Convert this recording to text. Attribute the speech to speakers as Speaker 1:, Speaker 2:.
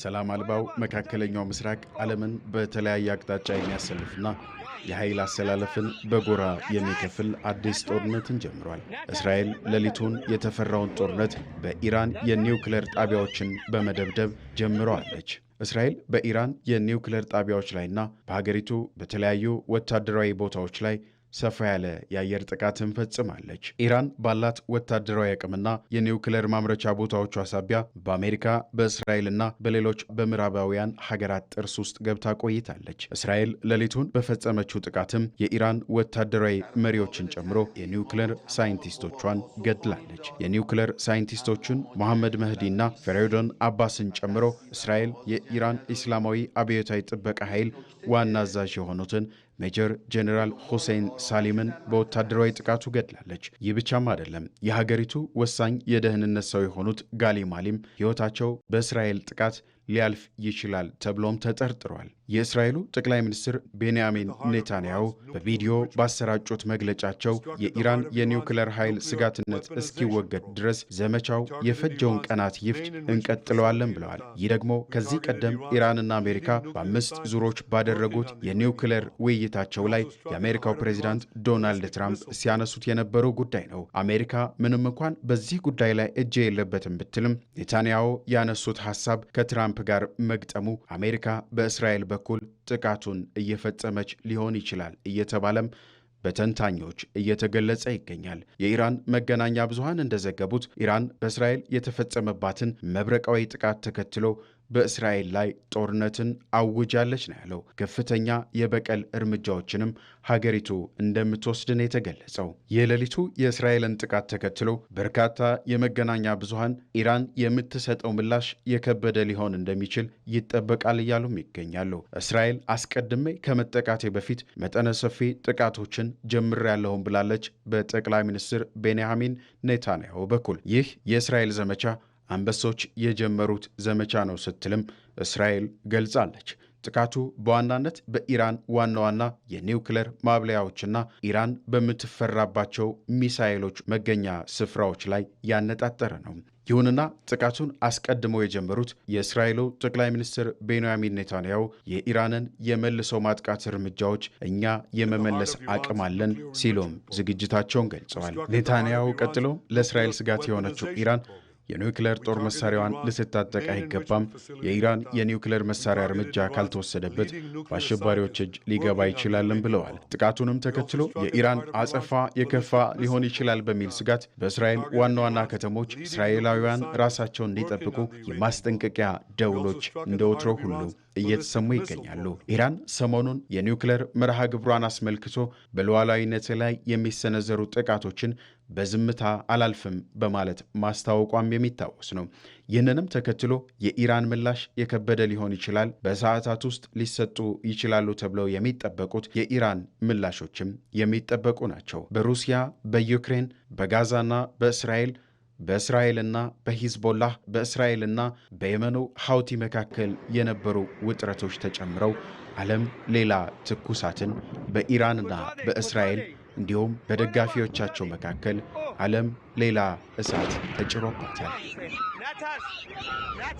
Speaker 1: ሰላም አልባው መካከለኛው ምስራቅ ዓለምን በተለያየ አቅጣጫ የሚያሰልፍና የኃይል አሰላለፍን በጎራ የሚከፍል አዲስ ጦርነትን ጀምሯል። እስራኤል ሌሊቱን የተፈራውን ጦርነት በኢራን የኒውክሌር ጣቢያዎችን በመደብደብ ጀምረዋለች። እስራኤል በኢራን የኒውክሌር ጣቢያዎች ላይና በሀገሪቱ በተለያዩ ወታደራዊ ቦታዎች ላይ ሰፋ ያለ የአየር ጥቃትን ፈጽማለች። ኢራን ባላት ወታደራዊ አቅምና የኒውክሌር ማምረቻ ቦታዎቿ ሳቢያ በአሜሪካ በእስራኤልና በሌሎች በምዕራባውያን ሀገራት ጥርስ ውስጥ ገብታ ቆይታለች። እስራኤል ሌሊቱን በፈጸመችው ጥቃትም የኢራን ወታደራዊ መሪዎችን ጨምሮ የኒውክሌር ሳይንቲስቶቿን ገድላለች። የኒውክሌር ሳይንቲስቶቹን መሐመድ መህዲና ፌሬዶን አባስን ጨምሮ እስራኤል የኢራን ኢስላማዊ አብዮታዊ ጥበቃ ኃይል ዋና አዛዥ የሆኑትን ሜጀር ጄኔራል ሁሴን ሳሊምን በወታደራዊ ጥቃቱ ገድላለች። ይህ ብቻም አይደለም። የሀገሪቱ ወሳኝ የደህንነት ሰው የሆኑት ጋሊማሊም ሕይወታቸው በእስራኤል ጥቃት ሊያልፍ ይችላል ተብሎም ተጠርጥሯል። የእስራኤሉ ጠቅላይ ሚኒስትር ቤንያሚን ኔታንያሁ በቪዲዮ ባሰራጩት መግለጫቸው የኢራን የኒውክለር ኃይል ስጋትነት እስኪወገድ ድረስ ዘመቻው የፈጀውን ቀናት ይፍጅ እንቀጥለዋለን ብለዋል። ይህ ደግሞ ከዚህ ቀደም ኢራንና አሜሪካ በአምስት ዙሮች ባደረጉት የኒውክለር ውይይታቸው ላይ የአሜሪካው ፕሬዚዳንት ዶናልድ ትራምፕ ሲያነሱት የነበረው ጉዳይ ነው። አሜሪካ ምንም እንኳን በዚህ ጉዳይ ላይ እጅ የለበትም ብትልም ኔታንያሁ ያነሱት ሀሳብ ከትራምፕ ትራምፕ ጋር መግጠሙ አሜሪካ በእስራኤል በኩል ጥቃቱን እየፈጸመች ሊሆን ይችላል እየተባለም በተንታኞች እየተገለጸ ይገኛል። የኢራን መገናኛ ብዙሃን እንደዘገቡት ኢራን በእስራኤል የተፈጸመባትን መብረቃዊ ጥቃት ተከትሎ በእስራኤል ላይ ጦርነትን አውጃለች ነው ያለው። ከፍተኛ የበቀል እርምጃዎችንም ሀገሪቱ እንደምትወስድን የተገለጸው የሌሊቱ የእስራኤልን ጥቃት ተከትሎ በርካታ የመገናኛ ብዙሃን ኢራን የምትሰጠው ምላሽ የከበደ ሊሆን እንደሚችል ይጠበቃል እያሉም ይገኛሉ። እስራኤል አስቀድሜ ከመጠቃቴ በፊት መጠነ ሰፊ ጥቃቶችን ጀምሬያለሁም ብላለች በጠቅላይ ሚኒስትር ቤንያሚን ኔታንያሁ በኩል ይህ የእስራኤል ዘመቻ አንበሶች የጀመሩት ዘመቻ ነው ስትልም እስራኤል ገልጻለች። ጥቃቱ በዋናነት በኢራን ዋና ዋና የኒውክሌር ማብለያዎችና ኢራን በምትፈራባቸው ሚሳይሎች መገኛ ስፍራዎች ላይ ያነጣጠረ ነው። ይሁንና ጥቃቱን አስቀድሞ የጀመሩት የእስራኤሉ ጠቅላይ ሚኒስትር ቤንያሚን ኔታንያሁ የኢራንን የመልሰው ማጥቃት እርምጃዎች እኛ የመመለስ አቅም አለን ሲሉም ዝግጅታቸውን ገልጸዋል። ኔታንያሁ ቀጥሎ ለእስራኤል ስጋት የሆነችው ኢራን የኒውክሌር ጦር መሳሪያዋን ልትታጠቅ አይገባም። የኢራን የኒውክሌር መሳሪያ እርምጃ ካልተወሰደበት በአሸባሪዎች እጅ ሊገባ ይችላልም ብለዋል። ጥቃቱንም ተከትሎ የኢራን አጸፋ የከፋ ሊሆን ይችላል በሚል ስጋት በእስራኤል ዋና ዋና ከተሞች እስራኤላውያን ራሳቸውን እንዲጠብቁ የማስጠንቀቂያ ደውሎች እንደ ወትሮ ሁሉ እየተሰሙ ይገኛሉ። ኢራን ሰሞኑን የኒውክሌር መርሃ ግብሯን አስመልክቶ በሉዓላዊነት ላይ የሚሰነዘሩ ጥቃቶችን በዝምታ አላልፍም በማለት ማስታወቋም የሚታወስ ነው። ይህንንም ተከትሎ የኢራን ምላሽ የከበደ ሊሆን ይችላል። በሰዓታት ውስጥ ሊሰጡ ይችላሉ ተብለው የሚጠበቁት የኢራን ምላሾችም የሚጠበቁ ናቸው። በሩሲያ በዩክሬን በጋዛና በእስራኤል በእስራኤልና በሂዝቦላህ በእስራኤልና በየመኑ ሐውቲ መካከል የነበሩ ውጥረቶች ተጨምረው ዓለም ሌላ ትኩሳትን በኢራንና በእስራኤል እንዲሁም በደጋፊዎቻቸው መካከል ዓለም ሌላ እሳት ተጭሮባታል።